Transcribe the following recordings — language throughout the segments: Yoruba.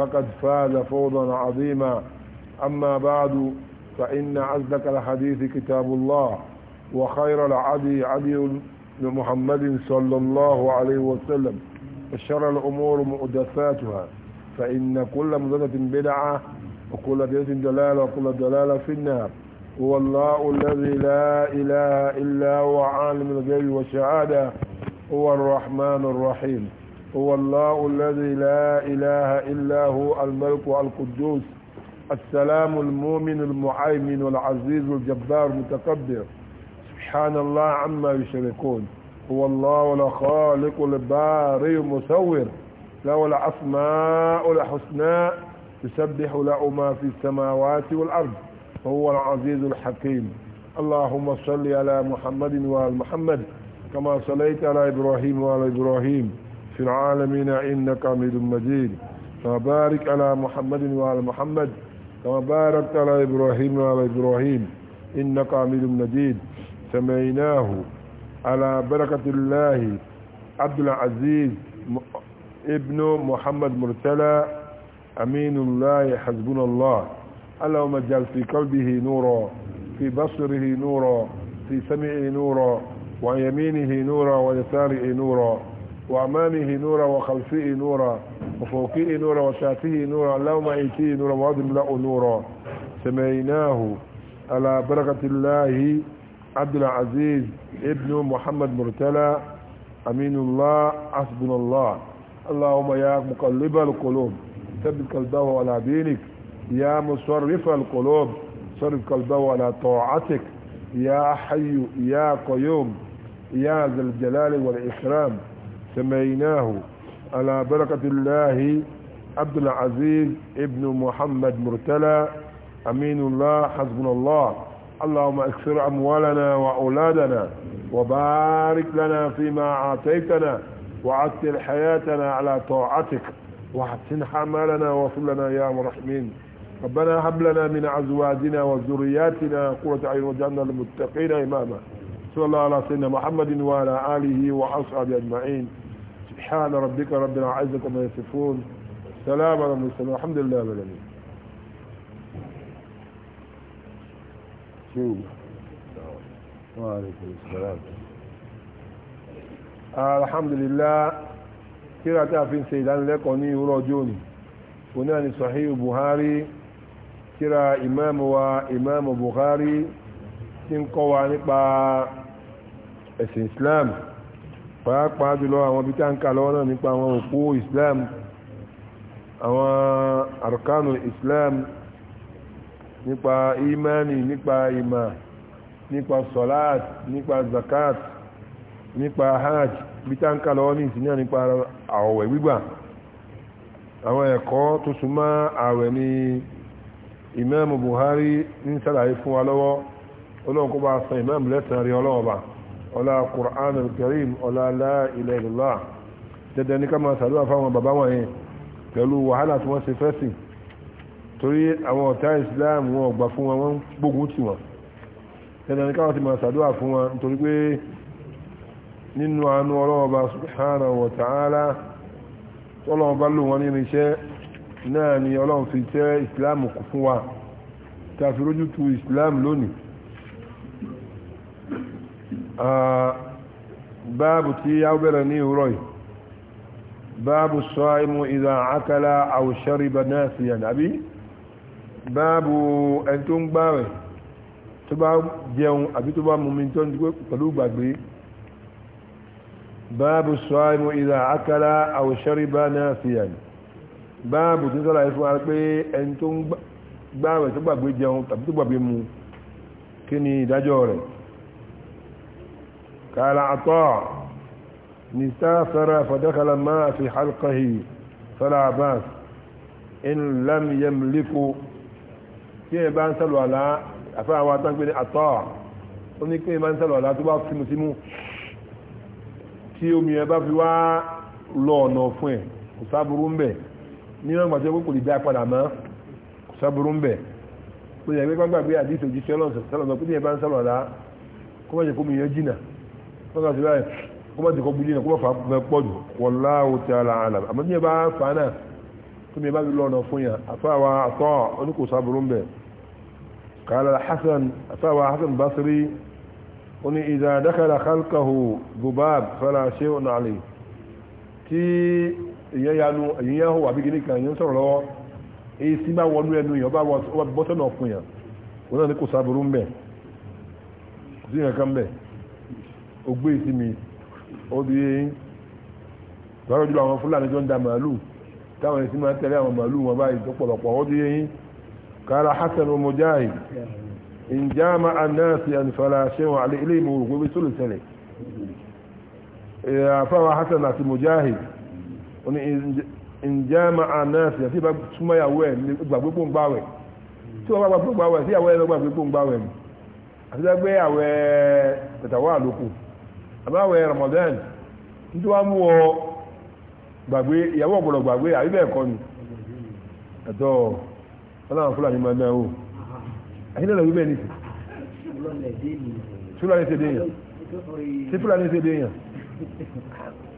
فقد فاز فوضا عظيما أما بعد فإن أصدق الحديث كتاب الله وخير العدي عدي محمد صلى الله عليه وسلم الشر الأمور مؤدفاتها فإن كل مزدة بدعة وكل بدعة دلالة وكل دلالة في النار هو الله الذي لا إله إلا هو عالم الغيب والشهادة هو الرحمن الرحيم هو الله الذي لا إله إلا هو الملك القدوس السلام المؤمن المعيمن والعزيز الجبار المتكبر سبحان الله عما يشركون هو الله الخالق الباري المصور له الأسماء الحسنى يسبح له ما في السماوات والأرض هو العزيز الحكيم اللهم صل على محمد وعلى محمد كما صليت على إبراهيم وعلى إبراهيم في العالمين إنك حميد مجيد فبارك على محمد وعلى محمد كما باركت على إبراهيم وعلى إبراهيم إنك حميد مجيد سميناه على بركة الله عبد العزيز ابن محمد مرتلى أمين الله حسبنا الله اللهم اجعل في قلبه نورا في بصره نورا في سمعه نورا ويمينه نورا ويساره نورا وأمامه نورا وخلفه نورا وفوقه نورا وشافه نورا اللهم ايتيه نورا وادم له نورا سميناه على بركة الله عبد العزيز ابن محمد مرتلى أمين الله حسبنا الله اللهم يا مقلب القلوب ثبت قلبه على دينك يا مصرف القلوب صرف قلبه على طاعتك يا حي يا قيوم يا ذا الجلال والإكرام سميناه على بركة الله عبد العزيز ابن محمد مرتلى أمين الله حسبنا الله اللهم اكثر أموالنا وأولادنا وبارك لنا فيما أعطيتنا وعتل حياتنا على طاعتك واحسن حمالنا وصلنا لنا يا مرحمين ربنا هب لنا من أزواجنا وذرياتنا قوة عين وجعلنا للمتقين إماما صلى الله على سيدنا محمد وعلى آله وأصحابه أجمعين سبحان ربك رب العزة ما يصفون سلام على المرسلين الحمد لله رب الحمد لله كلا تعرفين سيدان لكوني ورجوني هنا صحيح بوهاري كلا إمام وإمام بخاري tí ń kọ́ wa nípa ẹ̀sìn islam pàápàá jùlọ àwọn bí táǹkà lọ́wọ́ náà nípa àwọn òpó islam àwọn arkanu islam nípa imani nípa ìmà nípa salat nípa zakat nípa hajj bí táǹkà lọ́wọ́ ní ìsìnyà nípa àwẹ̀ gbígbà àwọn ẹ̀kọ́ tó súnmọ́ àwẹ̀ ni imam buhari ń sàlàyé fún wa lọ́wọ́ ọlọ́run kó bá san imam lẹ́sàn rí ọlọ́wọ́ ọlá Qur'an al-Karim ọlá la ilaha illallah dẹ̀dẹ̀ ní ká máa sàdúrà fáwọn bàbá wọn yẹn pẹ̀lú wàhálà tí wọ́n ṣe fẹ́sì torí àwọn ọ̀tá Islam wọn ọgbà fún wọn wọ́n gbógun tì wọ́n dẹ̀dẹ̀ ní ká wọ́n ti máa sàdúrà fún wọn nítorí pé nínú àánú ọlọ́ọ̀bá subhanahu báàbù tí a bẹ̀rẹ̀ ní ìwúrọ̀ yìí báàbù sọ́ọ́ìmù ìdá àkàlà àwòṣẹ́rìbà náà sí ànábí báàbù ẹni tó ń gbààwẹ̀ tó bá jẹun àbí tó bá mumi tó ń dúpẹ́ pẹ̀lú gbàgbé báàbù sọ́ọ́ìmù ìdá àkàlà àwòṣẹ́rìbà náà sí àná báàbù tó sọ́ra قال عطاء نسافر فدخل ما في حلقه فلا باس إن لم يملك كي بان سلوى لا أفا واتنك بني عطاء أني كي بان سلوى لا تبا سمو سمو tí omi ẹ bá fi wá lọ ọ̀nà fún ẹ̀ kò sáburú ń bẹ̀ ní wọ́n gbàtí ọkùnkùn lè dá padà mọ́ kò sáburú ń bẹ̀ pé ẹgbẹ́ gbàgbà pé àdìsí òjíṣẹ́ lọ́sọ̀ọ́sọ́ lọ́sọ̀ọ́ pé ní ẹ bá ń sálọ̀ lá kó má jẹ́ kó mi yẹn jìnà tọ́ka sí báyìí kó má ti kọ́ gbúdí náà kó má fà á pọ̀ jù wallahu ta'ala alam àmọ́ bí ẹ bá fà á náà tó bí ẹ bá fi lọ́nà fún yà àfáàwà àtọ́ oníkòsá burú bẹ̀ kààlà hasan àfáàwà hasan basri oní idha dakhala khalqahu dubab fala shay'un alayhi tí ìyẹn yanu ìyẹn yahó àbí gíní kan ìyẹn sọ̀rọ̀ lọ́wọ́ èyí sí bá wọnú ẹnu yẹn ọba bọ́sọ̀nà fún yà wọn náà ní kòsá burú bẹ̀ sí yẹn ó gbé sí mi ó di eyín lọ́rọ̀ jùlọ àwọn fúlàní tó ń da màálù táwọn èsì máa tẹ̀lé àwọn màálù wọn báyìí tó pọ̀lọpọ̀ ó di eyín kára hasan mujahid ìjàmà anáàsì ànfàlà ṣẹ́wọ̀n alẹ́ ilé ìmọ̀ òrùkú bí tó lè tẹ̀lé àfáwà hasan àti mujahid ó ní ìjàmà anáàsì àti ìbá súnmọ́yàwó ẹ̀ gbàgbé pòǹgbàwẹ̀ tí wọ́n bá gbàgbé pòǹgbàwẹ̀ sí àwọn ẹ̀ lọ́gbàgbé pòǹgbàwẹ̀ àti àbáwẹ̀ Ramadan tí wá mú ọ gbàgbé ìyàwó ọ̀pọ̀lọ̀ gbàgbé àríbẹ̀ ẹ̀kọ́ ni ẹ̀tọ́ ọlọ́run fúlàní máa náà ó àṣílẹ̀lẹ̀ wíbẹ̀ ní fúlàní ṣe déyàn sí fúlàní ṣe déyàn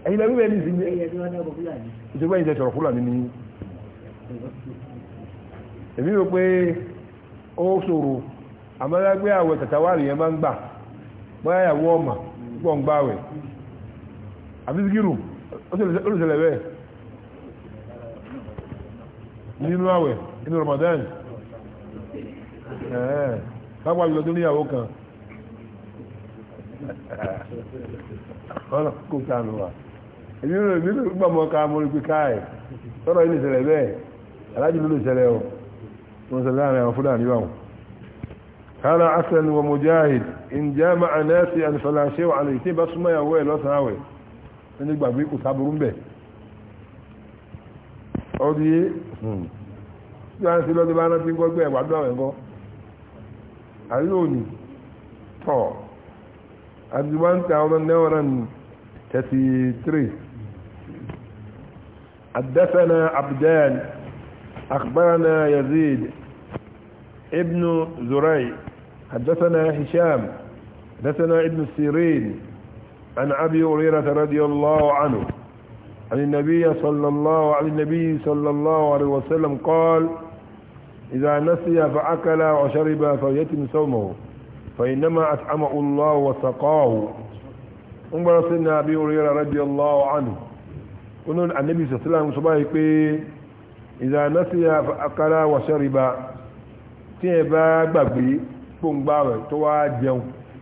àṣílẹ̀ wíbẹ̀ ní sí ìṣẹ́gbẹ́ ìṣẹ́ sọ̀rọ̀ fúlàní ni èmi rò pé ó ṣòro àmọ́lágbé àwẹ̀ tàtàwárì yẹn máa ń gbà bóyá ìyàwó ọmọ pọ̀ ń gbáwẹ̀ àbí zikiru olùsẹ̀lẹ̀ bẹ́ẹ̀ nínú àwẹ̀ inú Ramadan lápá lọ tó níyàwó kan ọ̀rọ̀ kò sànù wa èmi rẹ̀ mi lè gbàmọ́ ká mọ́ ipi káàì sọ́rọ̀ ilé ìṣẹ̀lẹ̀ bẹ́ẹ̀ alájì ló lè ṣẹlẹ̀ ọ̀ wọ́n ṣẹlẹ̀ láàrin àwọn fúlàní báwọn kánà Hasan wa Mujahid in jama'a nasiyan fala shay'a alayhi tí bá súnmọ́ ìyàwó ẹ̀ lọ́sàn àwẹ̀ ẹni gbàgbé kò sáburú ń bẹ̀ ọdí yé tí hmm. wọ́n sí lọ́dún bá rántí ń gbọ́gbẹ́ ẹ̀wàdún àwẹ̀ ńkọ́ àríwá òní tọ̀ àti one thousand nine hundred and thirty three حدثنا عبدان أخبرنا يزيد ابن زريع حدثنا هشام حدثنا ابن السيرين عن أبي هريرة رضي الله عنه عن النبي صلى الله عليه النبي صلى الله عليه وسلم قال إذا نسي فأكل وشرب فيتم صومه فإنما أطعمه الله وسقاه أمبر سيدنا أبي هريرة رضي الله عنه قلنا النبي صلى الله عليه وسلم إذا نسي فأكل وشرب تيبا بابي بومبابي تواجه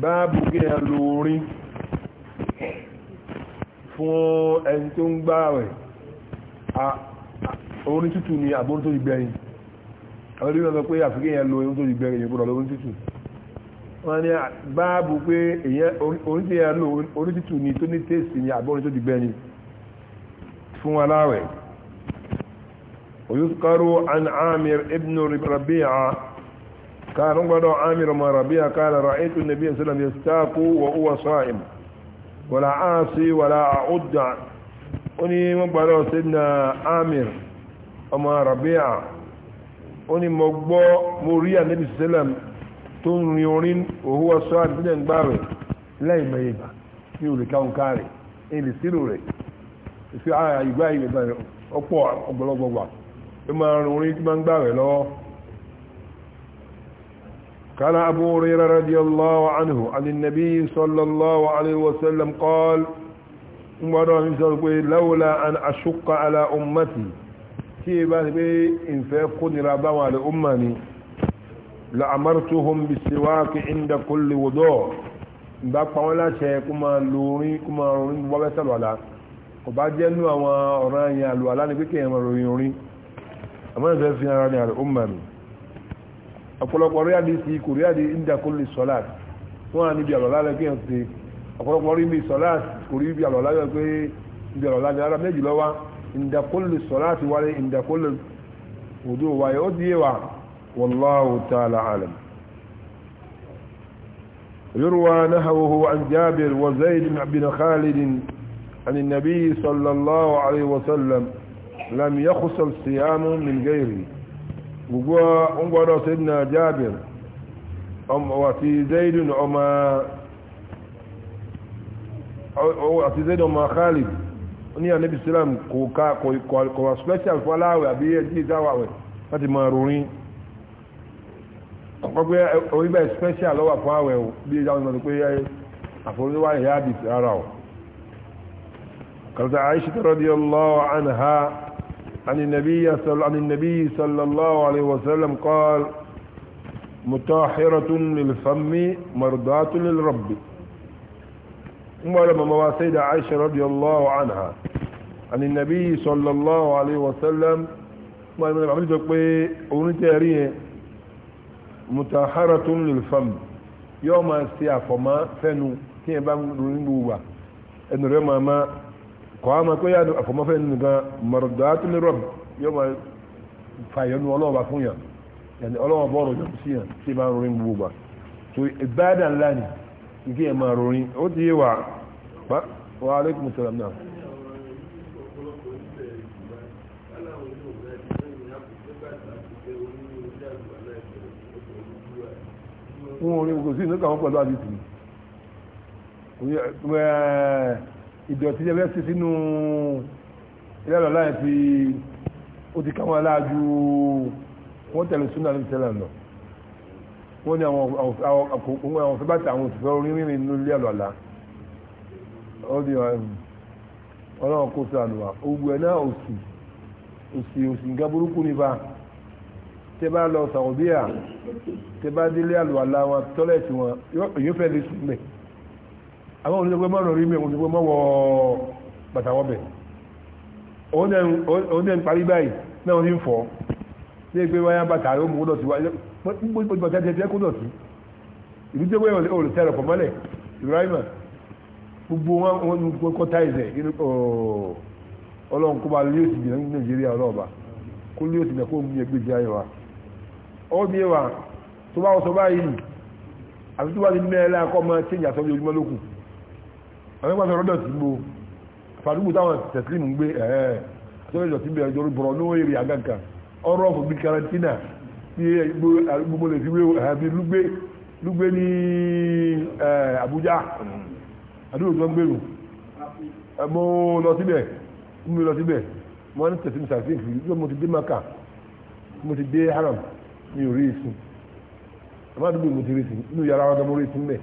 báàbù kí ẹ lo orin fún ẹni tó ń gbààwẹ̀ orin tútù ni àbórí tó ti gbẹ̀yìn àwọn olóyìn ọ̀sán pé àfikẹ́ yẹn lo orin tó ti gbẹ̀yìn yẹn gbọ́dọ̀ lórí tútù wọ́n ní báàbù pé orin tí yẹn lo orin tútù ni tó ní tèsì ni àbórí tó ti fún aláwẹ̀ oyúkọrọ an amir ibn rabi'a قال انقضوا عامر ما ربيع قال رأيت النبي صلى الله عليه وسلم يستاق وهو صائم ولا عاصي ولا أعد أني مبالو سيدنا عامر أما ربيع أني مقبو مريا النبي صلى الله عليه وسلم تنريورين وهو صائم بنا انباري لا يميبا يقول كون كاري إلي سيروري في آية يبايب أقوى أقوى أقوى أقوى أقوى أقوى أقوى أقوى أقوى قال أبو رير رضي الله عنه عن النبي صلى الله عليه وسلم قال لولا أن أشق على أمتي كيبا إن فيفقني ربما لأمني لأمرتهم بالسواك عند كل وضوء بقى ولا شيء كما لوري كما روري وبسل ولا ọba jẹ́ nú àwọn ọ̀ràn ìyàlú alánibíkẹ̀ ìmọ̀ ròyìn orí àmọ́ ọ̀pọ̀lọpọ̀ rí àdí sí kò rí àdí ìdàkólè sọ́láàt wọ́n á níbi àlọ́lá rẹ̀ kí wọ́n ti ọ̀pọ̀lọpọ̀ rí mi sọ́láàt kò rí ibi àlọ́lá rẹ̀ pé ibi àlọ́lá rẹ̀ ara méjì lọ́wọ́ ìdàkólè sọ́láàt wáyé ìdàkólè òdò wáyé ó di yéwà wallahu ta'ala alam. يروى نحوه عن جابر وزيد بن خالد عن النبي صلى الله عليه وسلم لم يخص الصيام من غيره gbogbo ọgbọ́dọ̀ sẹ́dínà na àti zaidun ọmọ àti zaidun ọmọ khalid ní ànábì islam kò wà special fún aláwẹ̀ àbí ẹjí ìdáwàwẹ̀ láti máa rorin ọgbẹ́ orígbẹ́ special lọ́wà fún àwẹ̀ bí ìdáwọ̀ pé àforíwá ìyá àdìs ara ọ̀ kàrìtà Aisha radiyallahu عن النبي صلى عن النبي صلى الله عليه وسلم قال مطهرة للفم مرضاة للرب ولما ما سيدة عائشة رضي الله عنها عن النبي صلى الله عليه وسلم ولما عملت بي ونتهريه مطهرة للفم يوم سيافما فنو كي بان رنبوا ما kọ́ a ya pé yà ni àfọmọ́fẹ́ nìkan mọ̀rọ̀dọ́tò lè rọ̀ yóò máa fa ìyọnu ọlọ́ọ̀bà fún yàn yàni ọlọ́wọ́ bọ́ọ̀rọ̀ yọ̀ sí yàn tí máa rorin gbogbo gbà so ìbáàdà ńlá ni nkí ẹ̀ máa rorin ó ti yé wa wa aleykum salam náà. wọn ò kò sí ìnáwó kan pẹ̀lú àdìsí ìdọ̀tí ẹgbẹ́ sí sínú ilé ọ̀lọ́ láì fi ó ti káwọn aláàjú wọ́n tẹ̀lé súnà ní ìṣẹ̀lẹ̀ lọ wọ́n ní àwọn àwọn fẹ́ bàtà àwọn òṣìṣẹ́ orí rìnrìn nínú ilé ọ̀lọ́ àlá ó di um, ọlọ́run kó sọ àlùwà ogun ẹ̀ náà òsì òsì òsì nǹkan burúkú ni bá tẹ bá lọ sàwọ́bíà tẹ bá délé àlùwà láwọn tọ́lẹ̀tì wọn yóò fẹ́ lè sùn mẹ́ẹ̀ àwọn olùdókòwò mọ́rọ̀ rí mẹ́wọ̀n olùdókòwò mọ́wọ́ bàtàwọ́bẹ̀ òun dẹ̀ ń parí báyìí náà wọ́n ti ń fọ́ ní pé wáyá bàtà rẹ̀ ó mú dọ̀tí wáyé gbogbo bàtà tẹ̀ kó dọ̀tí ìlú tó wáyé olùtẹ̀rọ̀ pọ̀ mọ́lẹ̀ Ibrahim gbogbo wọn ń kọ́ táìzẹ̀ ọlọ́run kó bá lé òsì jìnnà Nàìjíríà ọlọ́ọ̀bà kó lé òsì jìnnà kó mú ẹgbẹ́ jẹ́ àyẹ̀wà ọwọ́ mi wà tó bá wọ́n sọ báyìí àfi tó bá ti mẹ́ẹ̀lá kọ́ máa tẹ̀yìn àsọ́jú ojúmọ́ lókùn àwọn ìpàṣẹ ọ̀rọ̀dọ̀ tí gbó fàdúgbò táwọn tẹ̀sílìmù gbé ẹ̀ẹ́ àtọ́jọ́ tí bẹ̀rẹ̀ jọrọ bọ̀rọ̀ lówó èrè àgàkà ọ̀rọ̀ ọ̀fọ̀ bíi karantina tí gbogbo lè fi wé ẹ̀ẹ́bí lúgbé lúgbé ní Àbújá àdúgbò tó ń gbèrò mo lọ síbẹ̀ mo lọ síbẹ̀ mo ní tẹ̀sílìmù sàfihàn yóò mo ti dé maka mo ti dé haram mi ò rí ìsìn àmọ́ àdúgbò mo ti rí ìsìn inú yàrá wa gan mo rí ìsìn bẹ́ẹ̀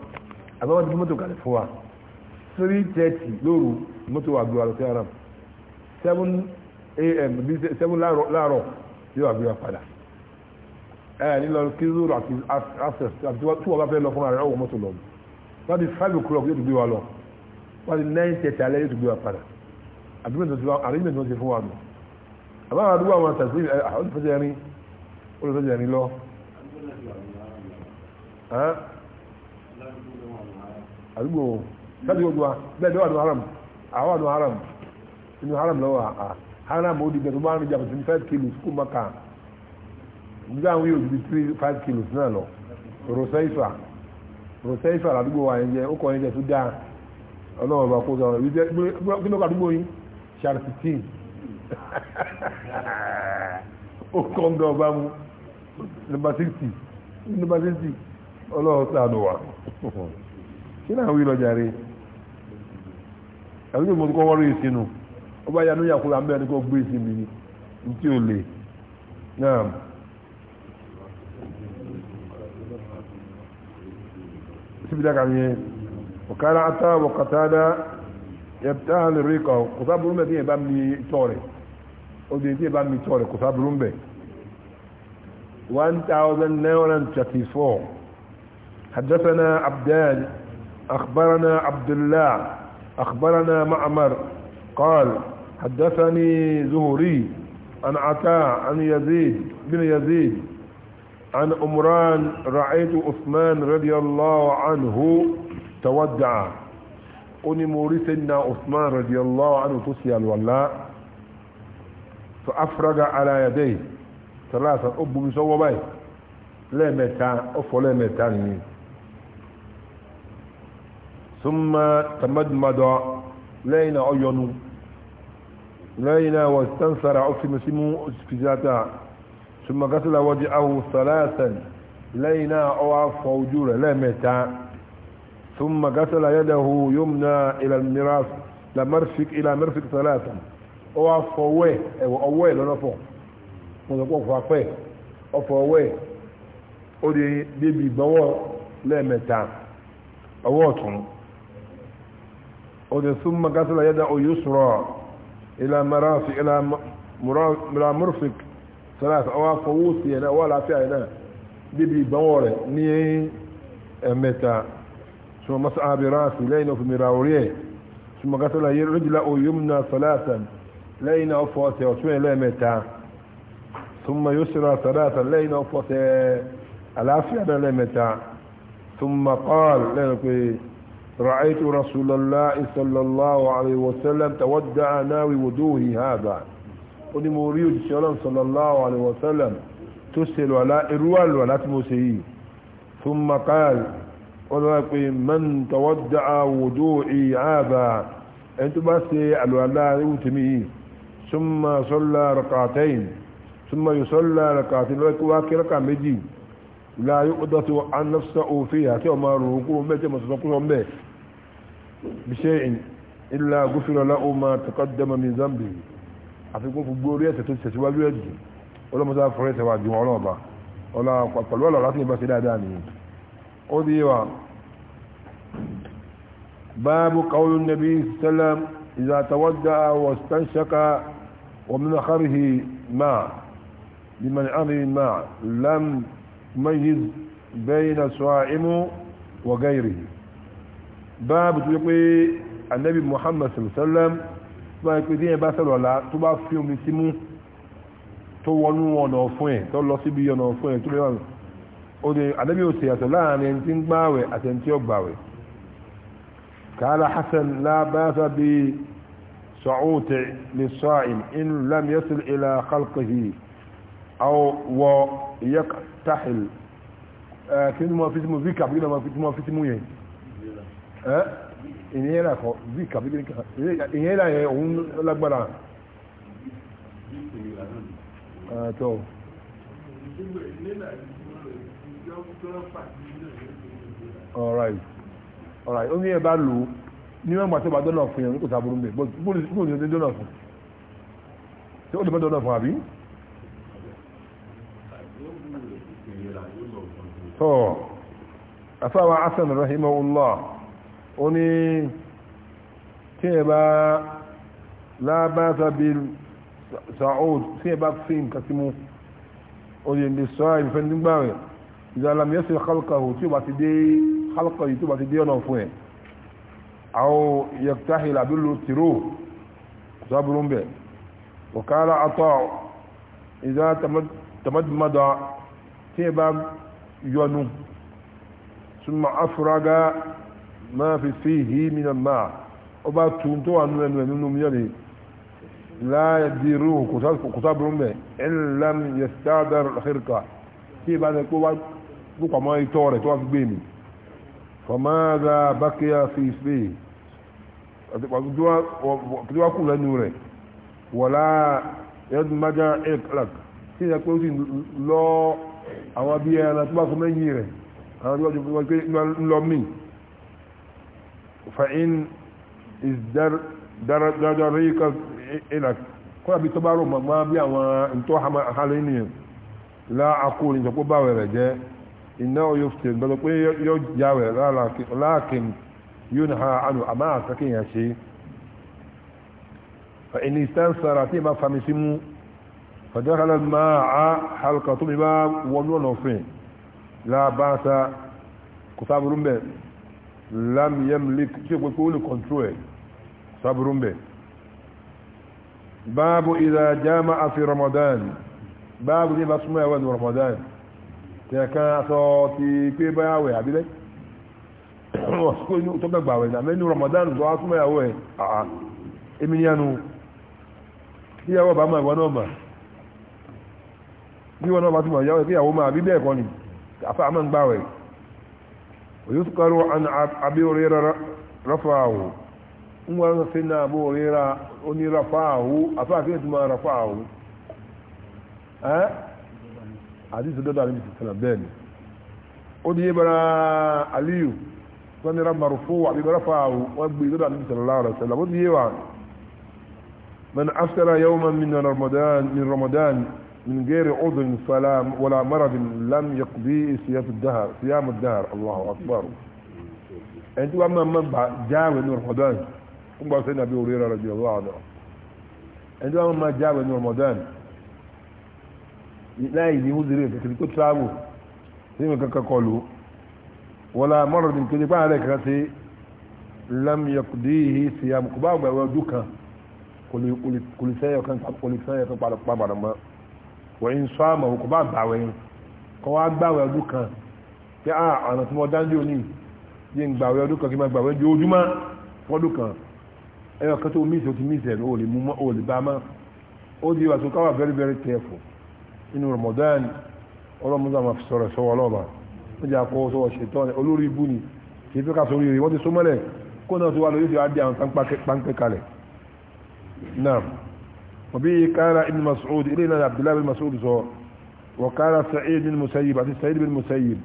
àbáwọ́n ti mọ́tò kalẹ̀ fún wa three thirty lóru mọ́tò wà gbéra lọ sí seven am bí seven láàárọ̀ yóò wà gbéra padà ẹ ní lọ kí zoro àti access àti tí wọ́n bá fẹ́ lọ fúnra rẹ̀ ọ̀wọ́ mọ́tò lọ wọ́n ti five o'clock yóò ti gbé wa lọ wọ́n ti nine thirty alẹ́ yóò ti gbé wa padà àdúgbò tó ti fún wa nù àbáwọ̀ àdúgbò àwọn àtàkùn àwọn olùfẹ́jẹ̀ rin olùfẹ́jẹ̀ rin lọ. àdúgbò láti a bẹ́ẹ̀ lọ́wọ́ haram àwọn haram inú haram lọ́wọ́ haram ó di gbẹ̀ bá ń jà bàtí ní five kilos kó nígbà àwọn yóò di three five kilos ndị rosaifa rosaifa àdúgbò wa yẹn ó kọ yẹn tó ọlọ́wọ́ bá kó kí ló àdúgbò yín number kí náà wí lọ́jà rẹ̀ ẹ̀rọ ìmọ̀ kọ́ wọ́rọ̀ ìsinú ó bá yanú yàkúrò àmì ẹni kó gbé ìsinmi e ní tí ò lè náà síbi dáka ata wọ̀kàtàdá yẹ̀tá lè rí kọ̀ kò sá burú mbẹ̀ tí yẹn bá mi tọ̀ rẹ̀ ó di tí yẹn bá أخبرنا عبد الله أخبرنا معمر قال حدثني زهري عن عطاء عن يزيد بن يزيد عن عمران رأيت أثمان رضي الله عنه تودع قني مورثنا أثمان رضي الله عنه تسيل ولا فأفرج على يديه ثلاثة أبو مسوى بيه لا متى أفو لا متى ثم تمدمد لين عيون لين واستنصر عفم سمو اسفزاتا ثم غسل وجهه ثلاثا لين أعف وجور لمتا ثم غسل يده يمنى إلى المراس لمرفق إلى مرفق ثلاثا أعف ووي أوي لنفو ونقوف وفي أعف ووي أودي بيبي بوار لمتا أوتهم ودي ثم قتل يدع يسرى إلى مرافق إلى مرفق ثلاث أو فووسي أنا ولا فعلا بيبي بوري ني أمتا ثم مسعى براسي لين في مراوريه ثم قتل رجله يمنى ثلاثا لين أفوسي وشوين لمتا ثم يسرى ثلاثا لين أفوسي العافية لمتا ثم قال لين رأيت رسول الله صلى الله عليه وسلم تودع ناوي ودوه هذا قد موريو صلى الله عليه وسلم تسل ولا إروال ولا تمسيه ثم قال ولكن من تودع وجوهي هذا أنت بس الولاء يوتميه ثم صلى ركعتين ثم يصلى ركعتين وكواكي ركع مجيه لا يقدس عن نفسه فيها كما ركوع متى مسبقه به بشيء إلا غفر له ما تقدم من ذنبه أفكون في بورية تتسوى بيدي ولا مسافرية واجه ولا با ولا قطل ولا راتني بس لا داني أذيوا باب قول النبي صلى الله عليه وسلم إذا تودع واستنشق ومن خره ماء لمن أمر ماء لم ميز بين صائم وغيره باب تقول النبي محمد صلى الله عليه وسلم bá ẹ pé díẹ̀ bá sẹ̀rọ̀ ọ̀la tó bá fi omi sí mú tó wọnú ọ̀nà ọ̀fún ẹ̀ tó lọ síbi ọ̀nà ọ̀fún ẹ̀ tó bẹ́ẹ̀ wọn ó ní ànábì òsè àtọ̀ láàrin tí ń gbá àti ẹni tí ó gbà kààlà hasan lábáṣà bí sọ̀ọ́tẹ̀ lè sọ àìm in lam yasil ila أو ويقتحل آه كن ما فيتمو فيكا بقينا ما فيتمو فيتمو يعني ها إنيلا كو فيكا بقينا إنيلا يهون لقبرا آه تو alright alright ó ní ẹ bá lò ó ní wọn gbà tó bá dọ́là fún yẹn kò sábúrú mi bó ní ó dọ́là fún tí ó lè fẹ́ dọ́là fún àbí. tó afáwà asan rahimahullah ó ní tí ẹ bá lábáta bí sa'ud tí ẹ bá fi nǹkan sí mú ó lè lè sọ ìfẹ́ nígbà rẹ̀ ìzàlàmì yẹ́sẹ̀ kálkàhù tí ó bá ti dé kálkàhù tí ó bá ti dé ọ̀nà fún ẹ̀ àwọn yẹ̀ktáhìl àbílò tìró sábúrú bẹ̀ wọ̀kára àtọ́ ìzà tamadmada tí ẹ bá yọnu súnmọ́ afuraga máa fi fi hì mìíràn máa ó bá tún tó wà nínú ẹnu ẹnu mìíràn láyé di rú kòtà burú mẹ́ ẹ̀lẹ́m yẹ sáadar xirka tí ìbá ní kó wá púpọ̀ mọ́ itọ́ rẹ̀ tó wá fi gbé mi fọmáàdà fi fi àti pàtó wá kú lẹ́nu rẹ̀ wọ̀lá yẹ́dùmájá ẹ̀kọ́lá tí ìyẹ́ pé ó sì àwọn bí ẹran tó bá fún mẹ́yìn rẹ̀ àwọn tó bá jù lọ mí fa'in is dáradára rí kan ìlà kọ́nà bí tó bá rò mọ̀gbọ́n bí àwọn ìtọ́ àhálẹ́ nìyẹn láàkó ní ìjọpọ̀ báwẹ̀ rẹ̀ jẹ́ iná yóò fi tẹ̀lé lọ́dọ̀ pé yóò jáwẹ̀ láàkín yóò ní ha àánú fa'in is dáradára tí ì فدخل الماء حلقة طبيبا ونون فين لا باس كتاب رمبي لم يملك كيف يقول كنترول كتاب رمبي باب إذا جامع في رمضان باب دي بسمع وين رمضان تكا صوتي في باوي عبيلي وسكون تبقى باوي من رمضان دعاء سمع وين اه امنيانو هي وبما ونوما bí wọn náà bá túnmọ̀ yáwẹ̀ kí àwọn máa bí bẹ́ẹ̀ kọ́ ni afẹ́ àmọ́ ń gbáwẹ̀ òyìn tó kọrọ àbí orira rafa'ahu ń wọ́n sí náà bó orira oní rafa'ahu afẹ́ àfẹ́ ìtumọ̀ rafa'ahu ẹ́ àdìsí dọ́dọ̀ àbí sọ̀rọ̀ bẹ́ẹ̀ ni ó di yébara aliyu wọ́n ni ramaru fún àbí rafa'ahu wọ́n gbé dọ́dọ̀ àbí sọ̀rọ̀ láàrọ̀ من غير عذر فلا ولا مرض لم يقضي صيام الدهر صيام الدهر الله أكبر أنت أما من جاوي من رمضان كم بسين أبي هريرة رضي الله عنه أنت أما ما جاوي من رمضان لا يجي مدري كذي كنت سامو سيما كقولوا ولا مرض كذي ما عليك كذي لم يقضيه صيام قباب ودكا كل كل كل سنة كان كل سنة كان بعد بعد ما wẹ̀yìn sọ àmọ̀ òkú bá gbà wẹ̀yìn kọ́ wá gbàwẹ̀ ọdún kan pé à ọ̀nà tí mo dájú òní yé ń gbàwẹ̀ ọdún kan kí n máa gbàwẹ̀ ju ojúmọ́ fọ́dún kan ẹyọ kan tó mísì ti mísì ó lè mú ó lè bá mọ́ ó di wàtò ká wà very very careful inú Ramadan ọlọ́mọdé àwọn sọ̀rọ̀ sọ́wọ́ ọlọ́ba ó jẹ́ àkọ́ sọ́wọ́ ṣètọ́ olórí ibú ni kì í fẹ́ ká sórí rẹ̀ wọ́n ti só mọ́lẹ̀ kó náà tó wà lórí ti wá àwọn páńpẹ́ kalẹ̀ náà. وبه قال ابن مسعود إلينا عبد الله بن مسعود زور وقال سعيد بن المسيب عدي سعيد بن المسيب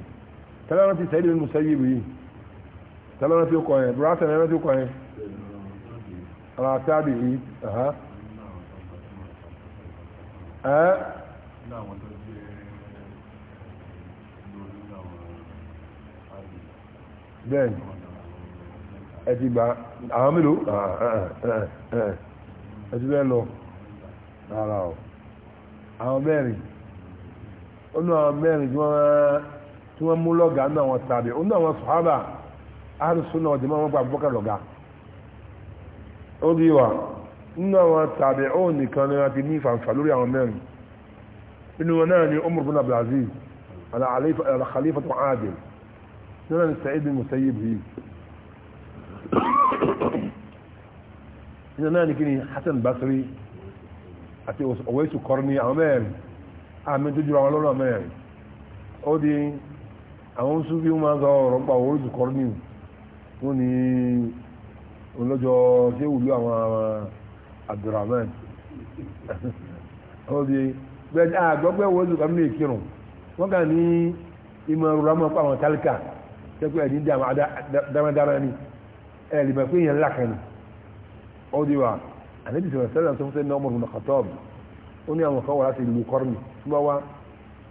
في سعيد بن المسيب تلامتي براسة برعات في وقعين على تابعي أها أه بين أجيب أعمله أه،, أه أه أه أه أجيب له rárá o àwọn mẹ́rin ó ní àwọn mẹ́rin tí wọ́n mú lọ́gà ní àwọn tàbí ó ní àwọn sọ̀hábà àrùsùnà ọ̀dẹ̀ máa wọ́n gba àbúkà lọ́gà ó bí wà nínú àwọn tàbí ó nìkan ni wọ́n ti ní ìfàǹfà lórí àwọn mẹ́rin inú wọn náà ni Umar bin Abdulaziz al tó adil nínú ni Sa'id bin Musayyib yìí nínú náà ni kí ni Hasan Basri àti Uwaisu Qarni àwọn mẹ́rin àmì tó jura wọn lọ́nà mẹ́rin ó di àwọn Sufi wọn máa ń sọ ọ̀rọ̀ nípa Uwaisu Qarni wọn ni olójọ ṣé wùlú àwọn Abdulrahman ó di bẹ́ẹ̀ àgbọ́gbẹ́ Uwaisu Qarni kírun wọ́n kà ní ìmọ̀ ìrora mọ́ pa àwọn tálíkà tẹ́kọ̀ ẹ̀dín dámadára ni ẹ̀lìmọ̀ pé èèyàn lákàní ó di wa ànábì sọ̀rọ̀ sẹ́lẹ̀ tó ń sẹ́ nọ́ọ̀mù ọ̀hún kàtọ́ọ̀bù ó ní àwọn kan wà láti ìlú kọ́rùnì tó bá wá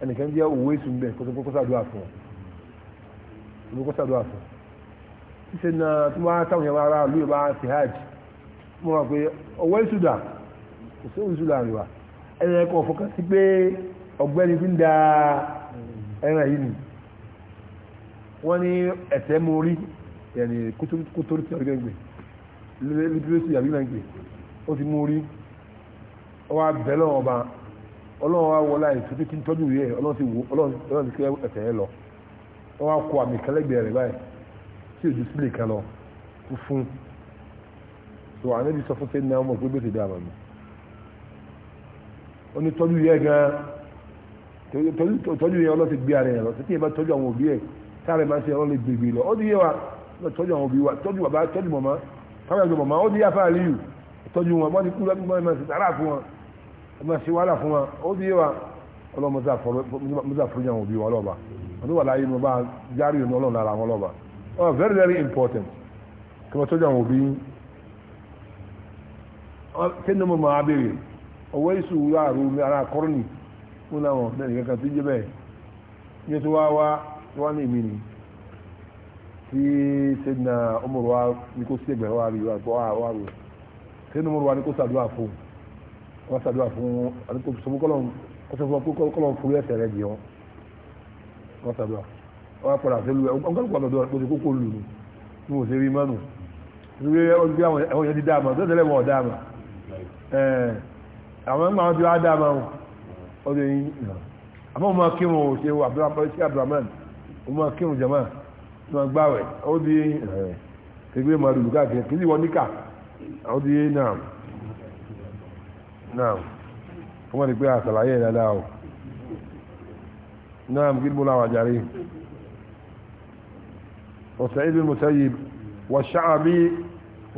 ẹnìkan jẹ́ òwe sùn bẹ́ẹ̀ kó kó sàdúrà fún un kó sàdúrà fún un ṣíṣe na tí wọ́n á táwọn yẹn ara lóye bá ti hajj mo rà pé ọwọ́ ìṣúdà kò sí òṣù láàrin wa ẹni ẹ̀kọ́ fọkàn sí pé ọ̀gbẹ́ni fi ń da ẹran yìí nì wọ́n ní ẹ̀tẹ́ mo rí yẹn kótó tí ọ̀gbẹ́ gbé lórí tí àbí máa ń gbé ó ti mú rí ó wá bẹ̀ lọ́wọ́ ọba ọlọ́run wá wọlá ètò tí kí n tọ́jú rí ẹ̀ ọlọ́run ti wò ọlọ́run ti kí ẹ̀tẹ̀ ẹ lọ wọ́n wá kó àmì kẹlẹ́gbẹ̀ẹ́ rẹ̀ báyìí tí òjò sílẹ̀ kan lọ fún so ànábi sọ fún sẹ́yìn náà ọmọ pé bẹ́ẹ̀ ti dá àmà mi ó ní tọ́jú yẹ gan tọ́jú yẹ ọlọ́run ti gbé ara ẹ̀ lọ títí ẹ bá tọ́jú àwọn òbí ẹ̀ sáré máa ń ṣe ọlọ́run lè gbègbè lọ ó di yẹ wa tọ́jú àwọn òbí wa tọ́jú bàbá tọ́jú màmá káwé àjọ màmá ó di yẹ afárá líyù tọ́jú wọn bọ́ ti kú lọ́dún bọ́ọ̀ mẹ́sì tààrà fún wọn ẹgbẹ́ sí wàhálà fún wọn ó bí wa ọlọ́mọdé àforíjà wọn òbí wọn lọ́ba wọn tó wà láyé mo bá járe ìrìn ọlọ́run lára wọn lọ́ba ọ very very important kí wọ́n tọ́jú àwọn òbí kí ni mo máa béèrè ọwọ́ ìṣù láàrú mi ara kọ́rọ́nì fún láwọn bẹ́ẹ̀ nìkan kan tí jẹ́ bẹ́ẹ̀ ní tó wá wá tó wá ní èmi ni tí sẹ́dínà ọmọ rẹ̀ wá ní kó sí ẹgbẹ̀rún wá rí wá rí sínú mọ́rọ̀ wa ni kó sàdúrà fún wọn sàdúrà fún àdúgbò sọmú kọ́lọ̀ kọ́sọ̀fọ́ kọ́lọ̀ fún ẹsẹ̀ rẹ̀ jì wọn wọn sàdúrà wọn á padà sílu ẹ̀wọ̀n kọ́lọ̀ pàtó dọ̀rọ̀ kó ti kókó lù ní ní wọ́n ṣe rí mọ́nù ìwé ọdún àwọn ẹ̀wọ̀n yẹn ti dáàmà tó tẹ́lẹ̀ wọn dáàmà àwọn ẹgbẹ́ ti wá dáàmà wọn ọdún yìí àmọ́ wọn máa kírun ò ṣe Abdulrahman wọn máa kírun jama wọn gbáwẹ̀ ọdún yìí kẹgbẹ́ máa lù àwọ́díyé náà náà fún wọn ni pé àṣàlàyé ẹ̀ dáadáa o náà kí ni mo láwà jàre وسعيد المسيب والشعبي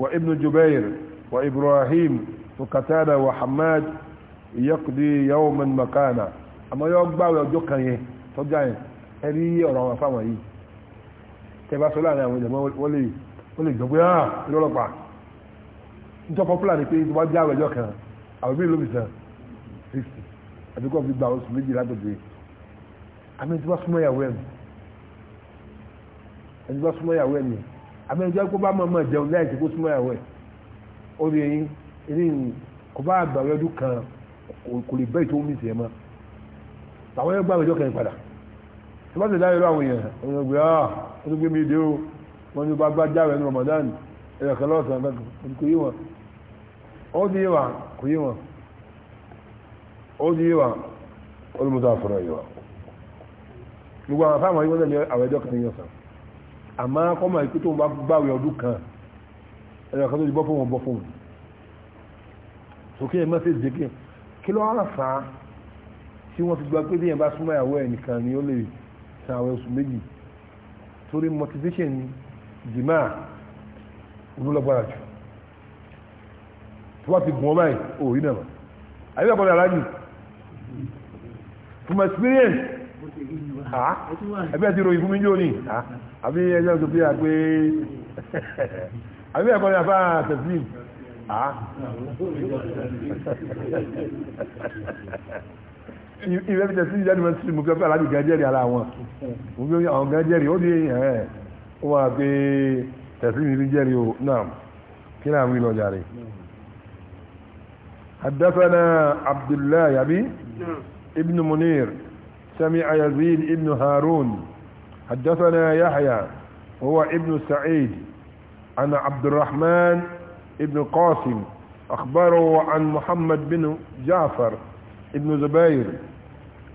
وابن جبير وإبراهيم وقتادة وحماد يقضي يوما مكانا أما يقبع ويجوكا يه تجاين ẹ̀rí ọ̀rọ̀ àwọn afáwọn yìí tẹbá sọ láàrin àwọn ìjọba wọ́n lè jọ pé ah, nítorí popular ni pé wọ́n gbé àwọn ẹjọ́ kan àwọn ìbí lómi sàn sixty àbí kò fi gba oṣù méjì lágbègbè àmì tí wọ́n súnmọ́ ìyàwó ẹ̀ mi ẹni bá súnmọ́ ìyàwó ẹ̀ mi àmì ẹni tó bá mọ̀ọ́mọ̀ jẹun láì ṣe kó súnmọ́ ìyàwó ẹ̀ ó rí ẹyin eléyìí kò bá àgbàwé ọdún kan kò lè bẹ́ẹ̀ tó ń mìsì ẹ̀ mọ́ àwọn ẹgbẹ́ àwọn padà tí wọ́n ti dáyọ̀ àwọn èèyàn ọ̀nà ìgbé ah gbé mi dé o wọ́n ti bá gbá jáwé ní Ramadan ẹ̀yọ̀ lọ́sàn-án kan kò yé ó di wa kò yí wọn ó di wa olùmọ̀tò àfọ̀rọ̀ yìí wa gbogbo àwọn afáwọn yìí wọ́n tẹ̀lé àwọn ẹjọ́ kan yẹn sàn àmọ́ kọ́mọ̀ ikú tó ń bá gbàwé ọdún kan ẹ̀rọ kan tó ti bọ́ fún wọn bọ́ fún wọn sókè ẹ̀ mẹ́sẹ̀ dèkè kí ló wá fà á tí wọ́n fi gba pé déyàn bá súnmọ́ ìyàwó ẹ̀ nìkan ni ó lè san àwọn oṣù méjì torí motivation jìmáà olólọ́gbára jù tó bá ti gùn ọmọ yìí ò rí nàmà àyíká bọ́lá aláàjì from experience ẹgbẹ́ ti ròyìn fún mi jò ní àbí ẹjọ́ tó bí i pé àbí ẹ̀kọ́ ni àfá tẹ̀sílìm ìwé bí tẹ̀sílìm jáde mọ́ sí mú kí ọ pé aláàjì gẹ́jẹ́rì ara wọn mú kí àwọn gẹ́jẹ́rì ó ní ẹ̀ẹ́ wọ́n wà pé tẹ̀sílìm ní jẹ́rì ó náà kí náà mú ìlọjà rẹ̀ حدثنا عبد الله يبي نعم. ابن منير سمع يزيد ابن هارون حدثنا يحيى هو ابن سعيد عن عبد الرحمن ابن قاسم أخبره عن محمد بن جعفر ابن زبير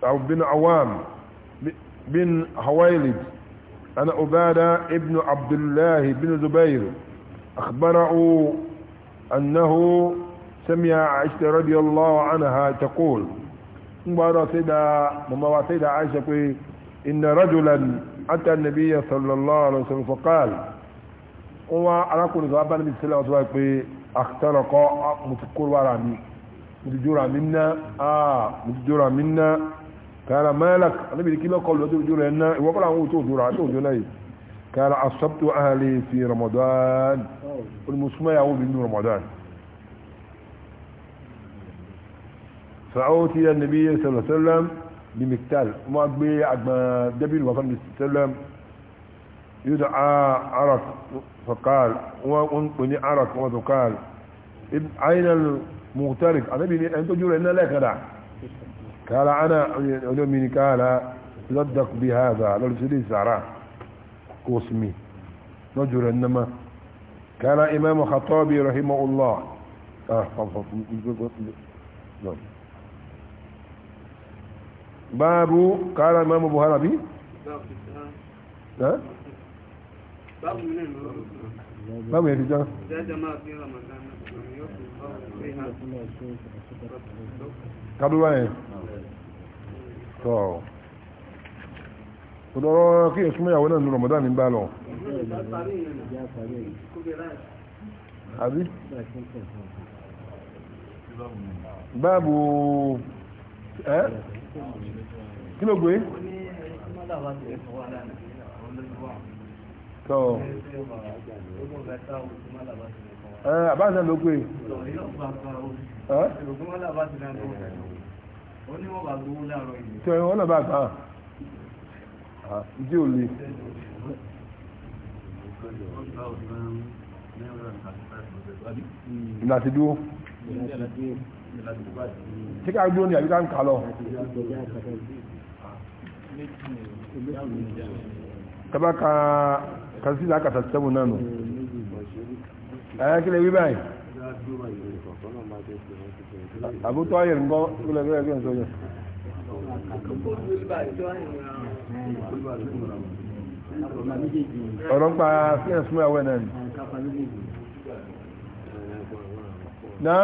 أو بن عوام بن حويلد انا أبادة ابن عبد الله بن زبير أخبره أنه سمع عائشة رضي الله عنها تقول مبارا سيدة مبارا سيدة عائشة إن رجلا أتى النبي صلى الله عليه وسلم فقال وأراكم صحابة النبي صلى الله عليه وسلم اخترق متكور ورامي متجورا منا آه متجورا منا قال مالك النبي كلا قال له تجورا منا وقال عنه تجورا تجورا قال أصبت أهلي في رمضان والمسمى يعود من رمضان فأوتي النبي صلى الله عليه وسلم بمكتال ما أقبي عقب دبيل وفن صلى الله عليه وسلم يدعى عرق فقال وانقني عرق وذقال عين المغترق أنا بني أنت جور إن لا كدع قال أنا من قال لدق بهذا لو سيدي سارة قسمي نجر إنما قال إمام خطابي رحمه الله آه نعم. باب قال الإمام أبو هربي باب باب يا رجال قبل وين طو ودورو كي اسمه يا ولا رمضان ان بالو ابي باب أه؟ kí ló gbé tọ́ ẹ̀ àbáṣà ló gbé tí wọ́n náà bá gbà ǹdí ò lè láti dúró ṣé ká gbóhùn ní àbí ká ń kasi la kata sẹ́mu náà nù. ẹ̀yà kílẹ̀ wí báyìí. àbútọ́ ayẹ̀ ń gbọ́ kílẹ̀ ọ̀rọ̀ pa fíẹ̀ súnmọ́ ẹ̀wẹ̀ náà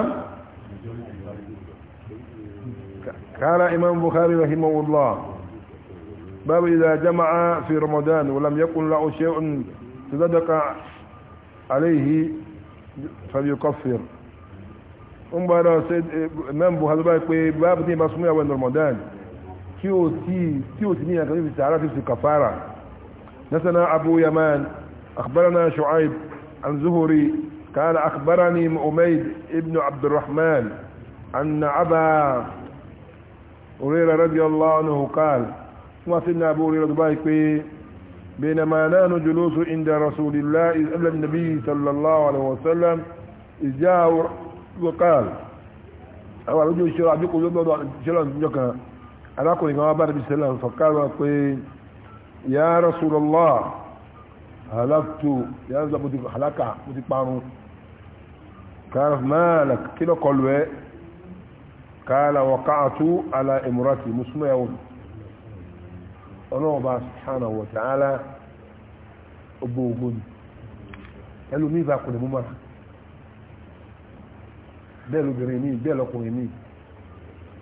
ni. قال امام بخاري رحمه الله باب اذا جمع في رمضان ولم يكن له شيء تصدق عليه فليكفر ام بارا سيد امام البخاري باي باب دي بسمه يا رمضان كيو تي كيو تي مين في تعرف في كفاره نسنا ابو يمان اخبرنا شعيب عن زهري قال اخبرني اميد ابن عبد الرحمن ان ابا هريرة رضي الله عنه قال وصلنا أبو هريرة بايك بينما نحن جلوس عند رسول الله إذ قبل النبي صلى الله عليه وسلم إذ جاء وقال أو رجل الشراع بيقول يبدو شراع جوكا أنا أقول كما بارد بالسلام فقال يا رسول الله halaktu ya zabuti halaka muti parun karaf malak kilo kolwe قال وقعت على امرتي مسمى يقول الله سبحانه وتعالى ogboogun ẹlòmíì bá kùnrin múmọ́ bẹ́ẹ̀ lóbìnrin míì bẹ́ẹ̀ lọkùnrin míì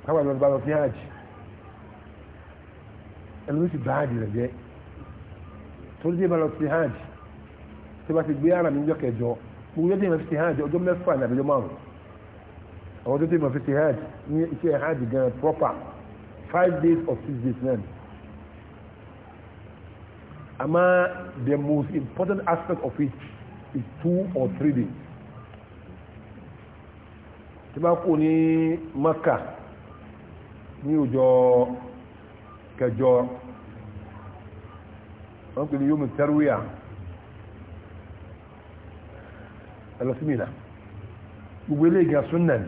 káwọn ọ̀dọ́ bá lọ sí hajj ẹlòmíì sì bá hajj rẹ̀ jẹ́ torí dé bá lọ sí hajj tí wọ́n ti gbé ara mi jọ kẹjọ gbogbo yóò dé ìrìn sí hajj ọjọ́ mẹ́fà ní àbíjọ́ márùn àwọn tó tẹ́ ma fi ṣe hajj ní iṣẹ́ hajj gan proper five days or six days náà àmọ́ the most important aspect of it is two or three days tí bá kú ní Maka ní ọjọ́ kẹjọ wọ́n pè ní yóò mú tẹ́rùwíà ẹlọ́símìlà gbogbo ilé ìgbà súnnà ni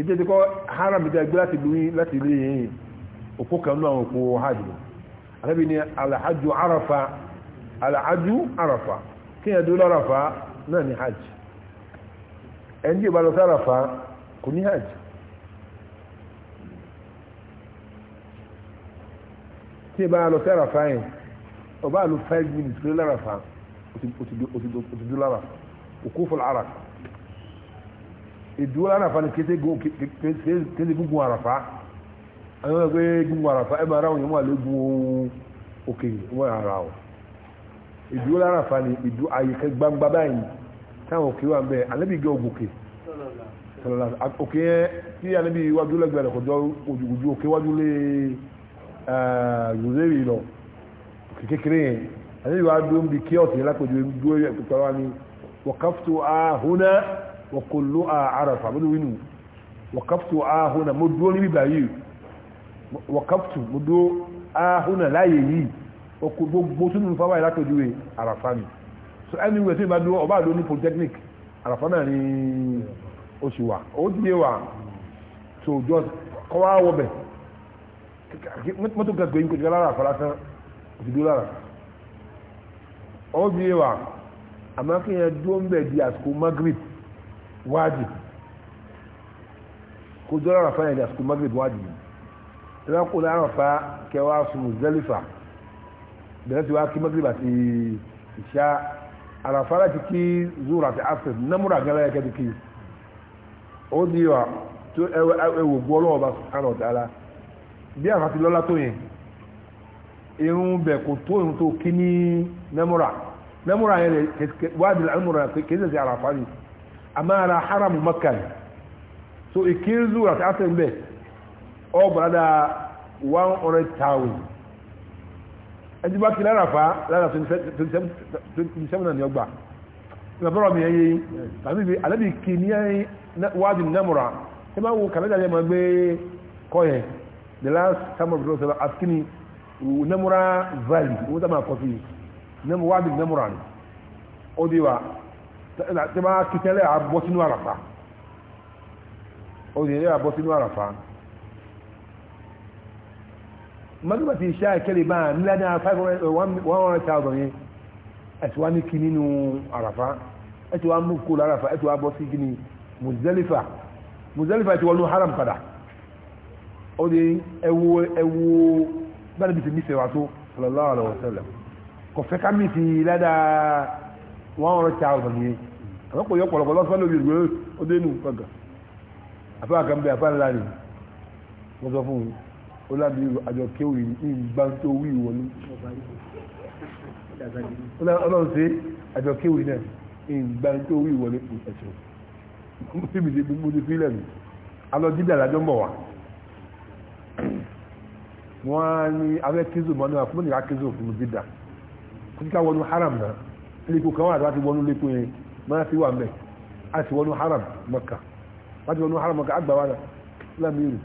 èdè tí kọ́ haram ìdá ẹgbẹ́ láti lórí láti lè yìí òkú kanú àwọn òkú hajj alẹ́bí ni alhajju arafa alhajju arafa kí ẹ̀dọ́ lọ́rafa náà ni hajj ẹni yóò bá lọ sárafa kò ní hajj tí ẹ bá lọ sárafa yẹn ọba lọ 5 minutes lórí lárafa òtìdó lárafa òkú fọ́lá ìdúró àràfà ni kété gúngun àràfà àwọn ẹgbẹ́ gúngun àràfà ẹ máa ráwọn yẹn wà lógun òkè wọn ara ọ ìdúró àràfà ni ìdú àyíká gbangba báyìí táwọn òkè wà ń bẹ alẹ́bí gẹ ògùnkè òkè yẹn tí alẹ́bí wájú lẹ́gbẹ̀ẹ́ rẹ̀ kọjọ́ òkè wájú lé yòzéèrè lọ kékeré yẹn alẹ́bí wájú ń bi kí ọ̀sẹ̀ lápẹ̀jọ́ dúró ẹ̀kọ́ wa ni wọ́n káfíńtò wọ̀kọ̀lọ́ àràfà mọ́lú wínú wọ̀kọ́pù ahùnà mọ́ dúó ní bíbà yìí wọ̀kọ́pù mọ́ dúó ahùnà láyé yìí ọkọ̀ gbogbo tó nínú fáwáyé látọ̀júwé àràfà ni so ẹni wẹ̀ tó ìbá dúó ọba àdó ní polytechnic àràfà náà ni ó sì wà ó dìé wà tó jọ kọ́wá wọbẹ̀ mọ́tò gàgbé yìí kò jẹ́ lára àfọlá tán kò sì dúó lára ó dìé wà àmọ́ kí yẹn dúó ń bẹ̀ di àsìkò Maghrib wajib kó jọ lára fa ẹ̀dà sùkú magrib wajib ẹ bá kó lára fa kẹwàá sùn zẹlifà bẹ̀rẹ̀ ti wá kí magrib àti ìṣá àràfà láti kí zúrù àti asir námúra gẹ́lẹ́ ẹ̀kẹ́ ti kí ó di wa tó ẹwò gbọ́ lọ́wọ́ bá subhanahu wa ta'ala bí àwọn àti lọ́lá tó yẹn irun bẹ̀ kò tó irun tó kí ní námúra námúra yẹn wáàdì lámúra kì í ṣe àràfà ni àmọ́ ara haramu Makka so ìkín zuru àti asin bẹ́ẹ̀ ọ bọ̀dá one hundred thousand ẹjú bá kí lára fa lára twenty seven náà ni ọgbà ìgbàbọ̀rọ̀ mi ẹyẹ tàbí ibi alẹ́bí kì ní wájú námúra tí máa wo kàlẹ́dà yẹn máa gbé kọ́ the last time of the road seven askini námúra valley owó tá máa kọ́ sí námúra wájú námúra ni ó di tí máa kí tẹ́lẹ̀ àbọ́ sínú àràfà ó yẹ̀rẹ́ àbọ́ sínú àràfà mọ́gbà ti ṣá ìkẹ́lẹ̀ bá nílẹ̀ náà 500,000 yẹn ẹ̀tù wá ní kí nínú àràfà ẹ̀tù wá mú kó láràfà ẹ̀tù wá bọ́ sí kí ni Muzdalifa Muzdalifa ti wọnú haram padà ó yẹ ẹwọ ẹwọ gbádùn ti ní sẹ̀wà tó sallallahu kọ̀fẹ́ ká mìtì ládàá one hundred thousand yẹn àwọn kò yọ pọ̀lọpọ̀ lọ́sọ́ lórí ìwé ó dé nù kọ̀gà àfáà kan bẹ àfáà ńlá ni wọ́n sọ fún un ó lábí àjọ kéwì ní ìgbà tó wí ìwọlú ọlọ́run ṣe àjọ kéwì náà ìgbà tó wí ìwọlé kù ẹ̀sùn síbi tí mo ti fílẹ̀ mi alọ́ dídà lájọ́ mọ̀ wá wọ́n á ní abẹ́ kézò mọ́nú àfúnmọ́nìyà kézò fún dídà kó kíkà wọnú haram náà lẹ́kọ̀ọ́ kan wà láti wọnú lẹ́kọ̀ọ́ yẹn máa fi wà mẹ́ àti wọnú haram maka láti wọnú haram maka àgbà wà lámìírù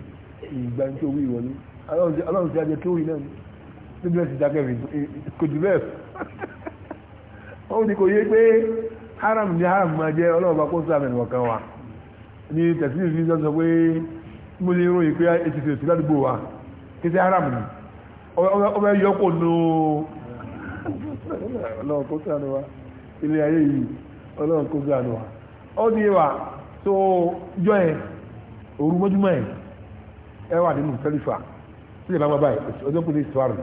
ìgbà tó wí ìwọlé aláwọ̀ sí ajẹ́ kéwì náà níbi ẹ̀sìn dákẹ́ rí eh, kò jù bẹ́ẹ̀ ó ní kò yé pé haram ní haram máa jẹ́ ọlọ́run bá kó sáàmì rí sọ pé mo ní ọlọ́run kó sànù wa ilé ayé yìí ọlọ́run kó sànù wa ó di wa tó jọ yẹn òru mọ́júmọ́ yẹn ẹ wà nínú tẹlifà sílẹ̀ bá bá báyìí ọjọ́ pé ní ìsọ̀rọ̀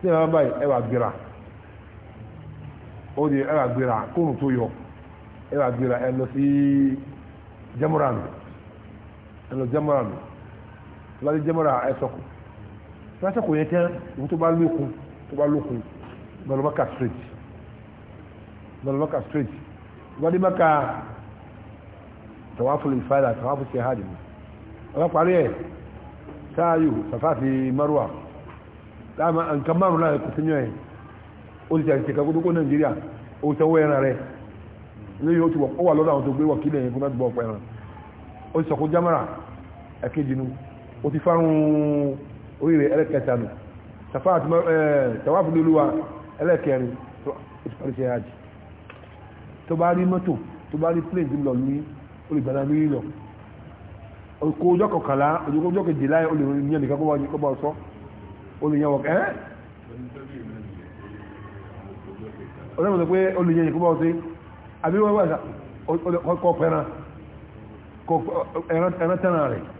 sílẹ̀ bá bá báyìí ẹ wà gbéra ó di ẹ wà gbéra kóòrùn tó yọ ẹ wà gbéra ẹ lọ sí jẹmúràn ẹ lọ jẹmúràn lọ́dún jẹmúràn ẹ sọkù lọ́sọ̀kù yẹn tẹ́ ìwú tó bá lókun tó bá lókun lọ́lọ́mọ́kà street lọ́lọ́mọ́kà street wọ́dí mọ́kà tọ́wáfù ìfàdà tọ́wáfù sí hajj mi ọlọ́parí ẹ̀ sáàyù sàfáàfì márùwà láàmà nǹkan márùn náà kò sínyọ́ ẹ̀ ó ti jẹ́ ìṣẹ̀kà gbogbo nàìjíríà ó ti ọwọ́ ẹran rẹ̀ ilé yóò ti wà lọ́dọ̀ àwọn tó gbé wọ̀kílẹ̀ yẹn fún láti bọ́ ẹran ó ti sọ̀kú jámàrà ẹ̀kejì nu ó ti fárún orí rẹ̀ ẹlẹ́kẹta nù sàfáàfì tọ́wáfù lóluwa ẹlẹ́kẹrin tó parí ṣe hajj tó bá rí mọ́tò tó bá rí plane ti lọ ní olùgbàdà mílíọ̀n lọ kó ọjọ́ kọkànlá ọjọ́ kejìlá olùyẹn nìkan kó bá sọ olùyẹn wọ̀ ẹ́ ọlọ́run sọ pé olùyẹn nìkan bá ṣe àbí wọ́n wà kọ́ pẹ̀ràn ẹran tẹ́ràn rẹ̀